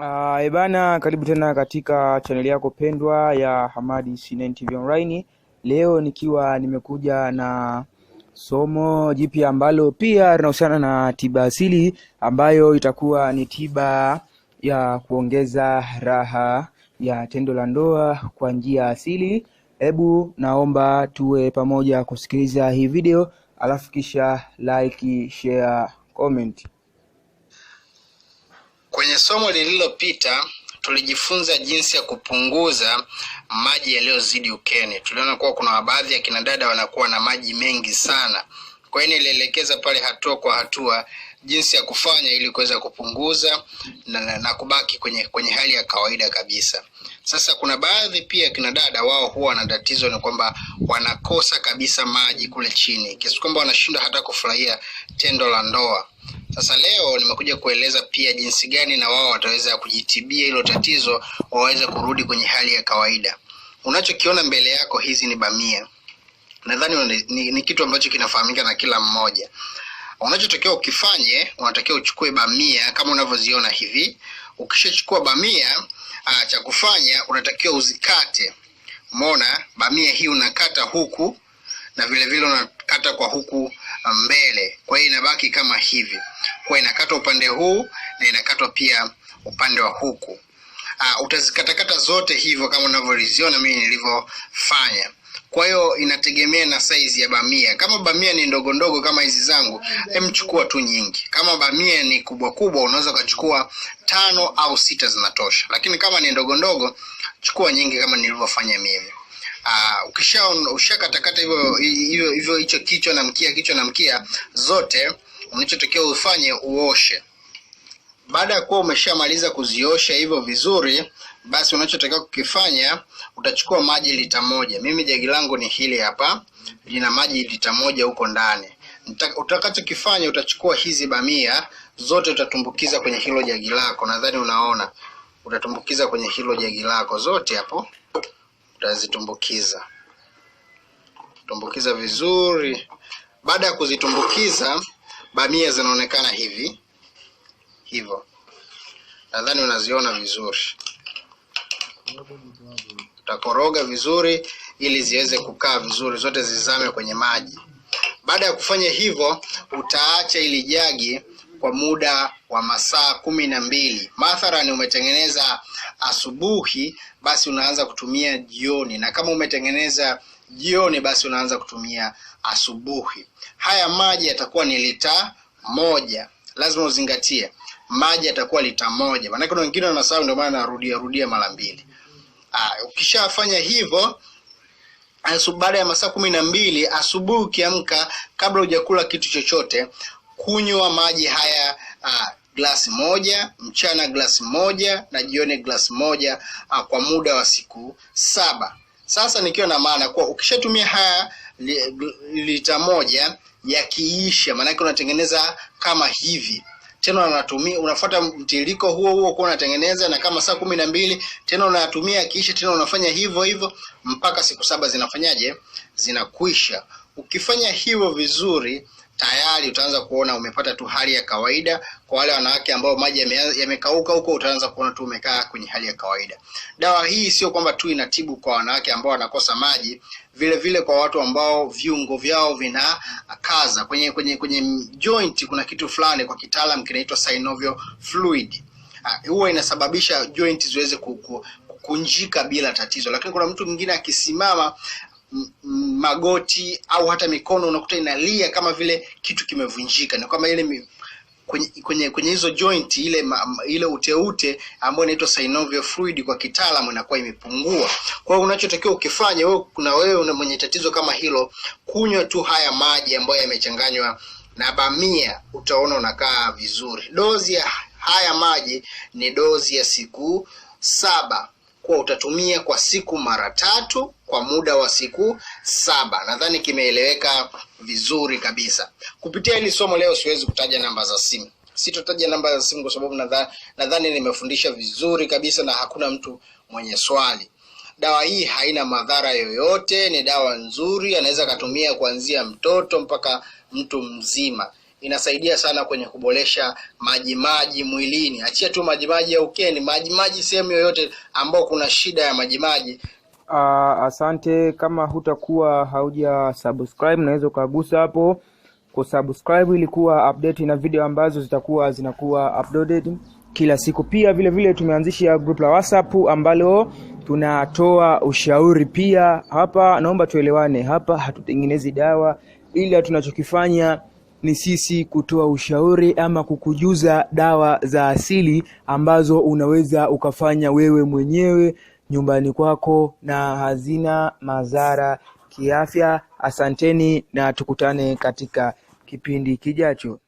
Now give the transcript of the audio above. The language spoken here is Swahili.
Uh, ah, ebana eh, karibu tena katika chaneli yako pendwa ya Hamadi C9 TV Online. Leo nikiwa nimekuja na somo jipya ambalo pia linahusiana na tiba asili ambayo itakuwa ni tiba ya kuongeza raha ya tendo la ndoa kwa njia asili. Hebu naomba tuwe pamoja kusikiliza hii video, alafu kisha like, share, comment. Kwenye somo lililopita tulijifunza jinsi ya kupunguza maji yaliyozidi ukeni. Tuliona kuwa kuna baadhi ya kinadada wanakuwa na maji mengi sana, kwa hiyo nilielekeza pale hatua kwa hatua jinsi ya kufanya ili kuweza kupunguza na, na, na kubaki kwenye, kwenye hali ya kawaida kabisa. Sasa kuna baadhi pia kina dada wao huwa na tatizo ni kwamba wanakosa kabisa maji kule chini, kiasi kwamba wanashindwa hata kufurahia tendo la ndoa. Sasa leo nimekuja kueleza pia jinsi gani na wao wataweza kujitibia hilo tatizo, waweze kurudi kwenye hali ya kawaida. Unachokiona mbele yako, hizi ni bamia. Nadhani ni, ni kitu ambacho kinafahamika na kila mmoja. Unachotakiwa ukifanye, unatakiwa uchukue bamia kama unavyoziona hivi. Ukishachukua bamia, ah, cha kufanya unatakiwa uzikate. Umeona bamia hii unakata huku na vile vile unakata kwa huku mbele. Kwa hiyo inabaki kama hivi, kwa inakatwa upande huu na inakatwa pia upande wa huku. Uh, utazikatakata zote hivyo kama unavyoziona mimi nilivyofanya. Kwa hiyo inategemea na saizi ya bamia. Kama bamia ni ndogo ndogo kama hizi zangu, emchukua tu nyingi. Kama bamia ni kubwa kubwa, unaweza ukachukua tano au sita zinatosha, lakini kama ni ndogo ndogo, chukua nyingi kama nilivyofanya mimi uh, ukisha ushakatakata hivyo hivyo hivyo hicho kichwa na mkia kichwa na mkia zote, unachotokea ufanye uoshe. Baada ya kuwa umeshamaliza kuziosha hivyo vizuri, basi unachotakiwa kukifanya utachukua maji lita moja. Mimi jagi langu ni hili hapa, lina maji lita moja huko ndani. Utakachokifanya utachukua hizi bamia zote utatumbukiza kwenye hilo jagi lako, nadhani unaona, utatumbukiza kwenye hilo jagi lako zote hapo utazitumbukiza tumbukiza vizuri. Baada ya kuzitumbukiza, bamia zinaonekana hivi hivyo, nadhani unaziona vizuri. Utakoroga vizuri ili ziweze kukaa vizuri, zote zizame kwenye maji. Baada ya kufanya hivyo, utaacha ili jagi kwa muda wa masaa kumi na mbili. Mathalani umetengeneza asubuhi, basi unaanza kutumia jioni, na kama umetengeneza jioni, basi unaanza kutumia asubuhi. Haya maji yatakuwa ni lita moja. Lazima uzingatie maji yatakuwa lita moja, maanake kuna wengine wanasahau, ndio maana narudia rudia mara mbili. Ukishafanya hivyo baada ya masaa kumi na mbili asubuhi, ukiamka kabla hujakula kitu chochote, kunywa maji haya uh, glasi moja mchana, glasi moja na jioni glasi moja uh, kwa muda wa siku saba. Sasa nikiwa na maana kuwa ukishatumia haya lita moja yakiisha, maanake unatengeneza kama hivi tena unatumia unafuata mtiririko huo huo kwa unatengeneza, na kama saa kumi na mbili tena unatumia akiisha, tena unafanya hivyo hivyo mpaka siku saba zinafanyaje? Zinakwisha. Ukifanya hivyo vizuri tayari utaanza kuona umepata tu hali ya kawaida. Kwa wale wanawake ambao maji yamekauka huko, utaanza kuona tu umekaa kwenye hali ya kawaida. Dawa hii sio kwamba tu inatibu kwa wanawake ambao wanakosa maji, vile vile kwa watu ambao viungo vyao vinakaza kwenye kwenye kwenye joint, kuna kitu fulani kwa kitaalam kinaitwa synovial fluid ah, huwa inasababisha joint ziweze kukunjika bila tatizo, lakini kuna mtu mwingine akisimama magoti au hata mikono unakuta inalia kama vile kitu kimevunjika, ni kama ile kwenye, kwenye, kwenye hizo joint ile ma, ile uteute ambayo inaitwa synovial fluid kwa kitaalamu inakuwa imepungua. Kwa hiyo unachotakiwa ukifanya wewe, kuna wewe una mwenye tatizo kama hilo, kunywa tu haya maji ambayo yamechanganywa na bamia, utaona unakaa vizuri. Dozi ya haya maji ni dozi ya siku saba kuwa utatumia kwa siku mara tatu kwa muda wa siku saba. Nadhani kimeeleweka vizuri kabisa. Kupitia hili somo leo, siwezi kutaja namba za simu, sitotaja namba za simu kwa sababu nadhani, nimefundisha vizuri kabisa na hakuna mtu mwenye swali. Dawa hii haina madhara yoyote, ni dawa nzuri, anaweza akatumia kuanzia mtoto mpaka mtu mzima inasaidia sana kwenye kuboresha majimaji mwilini. Achia tu majimaji ya ukeni, majimaji sehemu yoyote ambao kuna shida ya majimaji. Uh, ah, asante. Kama hutakuwa hauja subscribe, naweza ukagusa hapo subscribe ili kuwa update na video ambazo zitakuwa zinakuwa uploaded kila siku. Pia vile vile tumeanzisha group la WhatsApp ambalo tunatoa ushauri pia. Hapa naomba tuelewane, hapa hatutengenezi dawa, ila tunachokifanya ni sisi kutoa ushauri ama kukujuza dawa za asili ambazo unaweza ukafanya wewe mwenyewe nyumbani kwako na hazina madhara kiafya. Asanteni na tukutane katika kipindi kijacho.